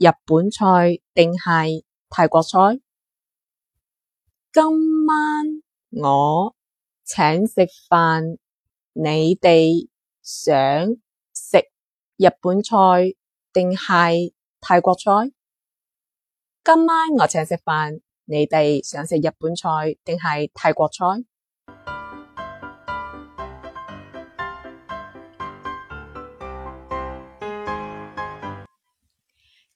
日本菜定係泰國菜？今晚我請食飯，你哋想食日本菜定係泰國菜？今晚我請食飯，你哋想食日本菜定係泰國菜？